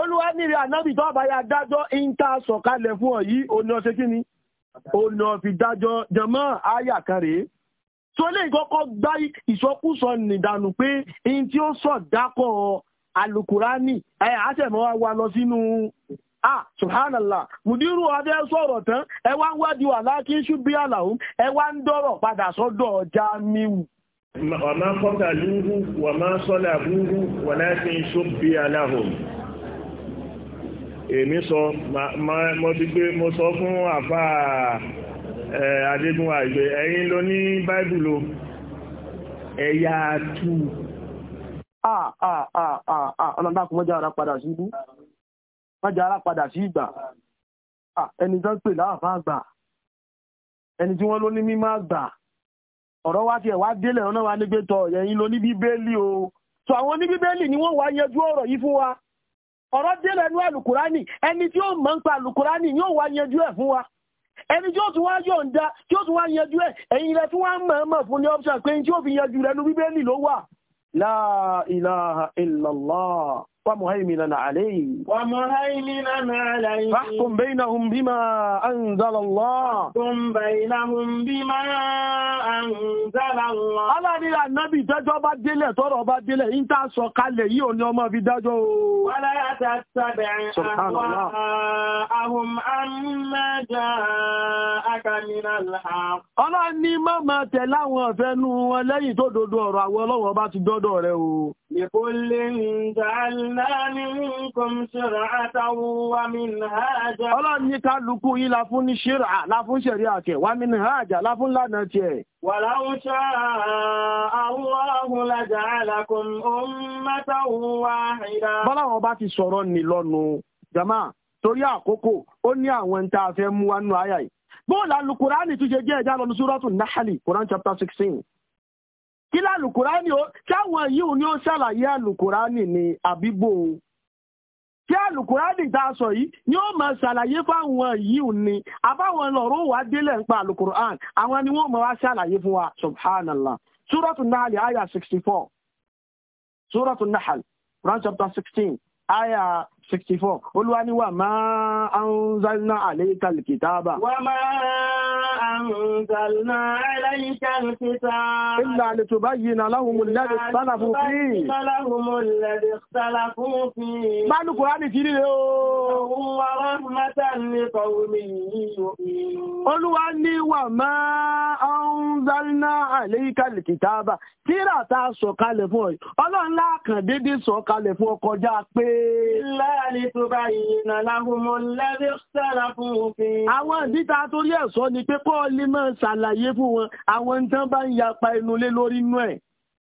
Olúwa ní rí ànábì bá ya dájọ́ ìńtà sọ̀kalẹ̀ fún ọ yìí, ó ní ọ ṣe kí ni? Ó ní so ilé gbá ìsọkúsọ nìdànù pé in tí ó sọ dákọ̀ alukurani ẹ̀ àṣẹ̀mọ́ wa lọ sínú a subhanallah mudiru adé sọ̀rọ̀ tán ẹ wá ń wádìí wà láti ṣubí àlàó ẹ wá ń dọ̀rọ̀ padà sọ́dọ̀ ọjà Jamiu. wàmá qataluhu wàmá salabuhu walakin shubbiha lahum èmi sọ mo ti gbé mo sọ fún àfáà adégúnwà ìgbé ẹ̀yìn ló ní báìbùlò ẹ̀yà tú ọlọ́dákùn mọ́já ara padà sí ibú mọ́já ara padà sí ìgbà ẹni tó ń pè láàfá àgbà ẹni tí wọ́n ló ní mímọ́ àgbà ọ̀rọ̀ wá ti ẹ̀wá délẹ̀ ọ̀nà wa nígbé tọ ẹ̀yìn ló ní bíbélì o tó àwọn ní bíbélì ni wọ́n wá yanjú ọ̀rọ̀ yìí fún wa ọ̀rọ̀ délẹ̀ ní àlùkùránì ẹni tí ó mọ̀ ń pa àlùkùránì yóò wá yanjú ẹ̀ fún wa ẹni tí ó tún wá yọ̀ǹda tí ó tún wá yanjú ẹ̀ ẹ̀yin rẹ̀ tí wọ́n á mọ̀ọ́mọ̀ fún ní option pé tí ó fi yanjú rẹ̀ nu bíbélì ló wà la ilaha illallah ومهيمنا عليه ومهيمنا عليه فاحكم بينهم بما أنزل الله فاحكم بينهم بما أنزل الله ألا نرى النبي dájọ́ bá délẹ̀ tọ́rọ̀ bá délẹ̀ ń tà sọ kalẹ̀ yìí ò ní ọmọ fi dájọ́ o. ولا تتبع أهواءهم عما جاءك من الحق. ọlọ́ni má máa tẹ̀lé àwọn ìfẹ́nu wọn lẹ́yìn tó dodo ọ̀rọ̀ àwọn ọlọ́wọ́ bá ti dọ́dọ̀ rẹ o. لكل جعلنا منكم شرعة ومنهاجا ọlọ́run ní kálukú yín la fún ní ṣírà la fún ṣẹ̀rí àkẹ́ wà minhaja la fún lánàá tiẹ̀. ولو شاء الله لجعلكم أمة واحدة. bọ́láwọn bá ti sọ̀rọ̀ ní lọ́nu jama torí àkókò ó ní àwọn ẹni tá a fẹ́ mú wá nù àyà yìí. bóòlù alukurani tún ṣe jẹ́ ẹ̀dá lọ́nu súrọ́tù nahali Quran chapter sixteen. kí lálùkùránì ó kí àwọn yìí ni ó ṣàlàyé àlùkùránì ní o. kí àlùkùránì tá a sọ yìí ni ó máa ṣàlàyé fáwọn yìí ni àbáwọn lọrọ wà délẹ̀ ń pa àwọn ni wọ́n máa wá ṣàlàyé fún wa subhanallah suratu nahal aya sixty four suratu nahal quran chapter sixteen aya 64 olúwa ní wà máa anzalna alayka alkitaba wà máa anzalna alayka alkitaba illa litubayyina lahum alladhi ikhtalafu fihi bánu kùránì ti rí olúwa ní wà máa anzalna alayka alkitaba tíra ta sọ̀kalẹ̀ fún ọ ọlọ́run láàkàn dédé sọ̀kalẹ̀ fún ọkọjá pé. ilẹ̀ litubayyina lahumu alladhi ikhtalafu fihi. Àwọn ìdíta torí ẹ̀sọ́ ni pé kọ́ máa ṣàlàyé fún wọn àwọn tán bá ń yapa inú lórí inú ẹ̀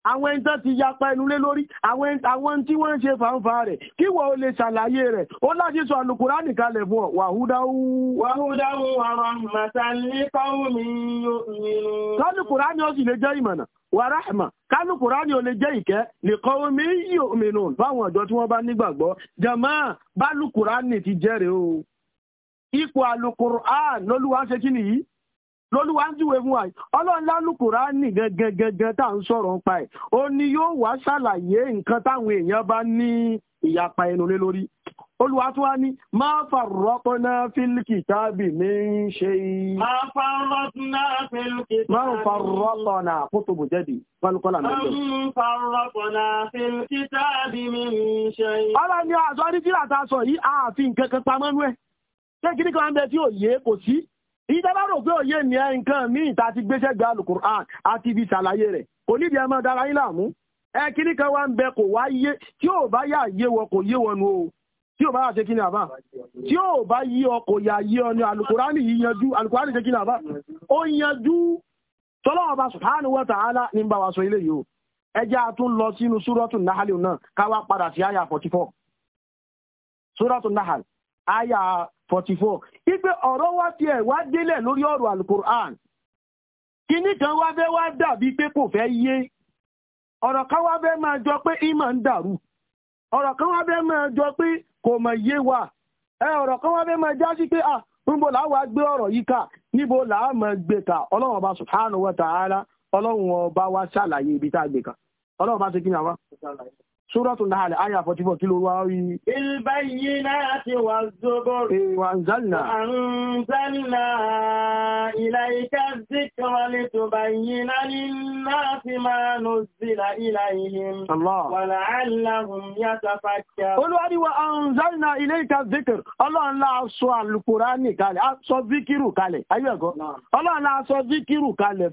àwọn ẹni tán ti yapa ẹnu lé lórí àwọn tí wọ́n ń ṣe fàǹfà rẹ̀ kí wọ́n ó lè ṣàlàyé rẹ̀ ó láti sọ àlùkùránì kalẹ̀ fún ọ wàhúdáwú. wàhúdáwú àwọn màtàlí káwùmí yóò nínú. kálùkùránì ó sì lè jẹ́ ìmọ̀nà wàràhàmà kálùkùránì ó lè jẹ́ báwọn ọ̀dọ́ tí wọ́n bá nígbàgbọ́ jàmá bálùkùránì ti jẹ́rìí o ipò àlùkùránì lólúwa ṣe kí nìyí lolúwa ń júwe fún wa ọlọ́run lálùkùránì gẹ́gẹ́gẹ́gẹ́ tá à ń sọ̀rọ̀ ń pa ẹ̀ ó ní yóò wá ṣàlàyé nǹkan táwọn èèyàn bá ní ìyapa ẹnu lé lórí olúwa tún wá ní máa fílíkì tábì mi ń ṣe yìí. máa farrọ́pọ́nà fílíkì tábì. máa farrọ́pọ́nà kótó máa fílíkì tábì mi ń ṣe yìí. ni àṣọ ní sọ yìí pamọ́ nú ẹ̀. ṣé kíní kan bẹ tí ò yé kò sí ìjọba rò pé òye ní ẹ míì tá a ti gbéṣẹ́ gba alukur'an àti ibi ṣàlàyé rẹ̀ kò nídìí ẹ máa dára yín láàmú ẹ kíní kan wá ń bẹ kò wá yé tí ò bá yà yé wọ kò yé o tí ò bá yà ṣe kíní àbá tí ò bá yí ọ kò yà yé wa ní bá wa sọ ilé yìí o ẹ a tún lọ sínú náà ká wá padà sí àyà 44 aya 44 four ipe ọ̀rọ̀ wá tiẹ̀ wá délẹ̀ lórí ọ̀rọ̀ alukur'an kíní kan wá fẹ́ wá dàbí pé kò fẹ́ yé ọ̀rọ̀ kan wá fẹ́ máa jọ pé ìmọ̀ ń dàrú ọ̀rọ̀ kan wá fẹ́ máa jọ pé kò mọ̀ yé wa ẹ ọ̀rọ̀ kan wá fẹ́ máa já sí pé níbo làá wá gbé ọ̀rọ̀ yìí kà níbo làá máa gbé kà ọlọ́run ọba wa ta'ala ọlọ́run ọba wa ṣàlàyé ibi tá a gbé ọba kí ni àwa. Súrọ́tù náà àyà 44 kí ló wá rí. Ìlbáyínàtí wà zubur. Ìwà ń zánà. Àrùn zánà ilá ikẹ́ tó bá yínà ní náà fi máa nù sílá ilá ihim. Wà láàrínláhùn yàtà fàkíà. Olúwàríwà àrùn ilé ikẹ́ zíkìr. Ọlọ́run la sọ kalẹ̀, a sọ kalẹ̀. Ayé ẹ̀kọ́. Ọlọ́run la kalẹ̀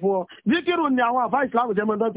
fún ọ. Zíkìrù ni àwọn àfáà ìsìlámù jẹ́ mọ́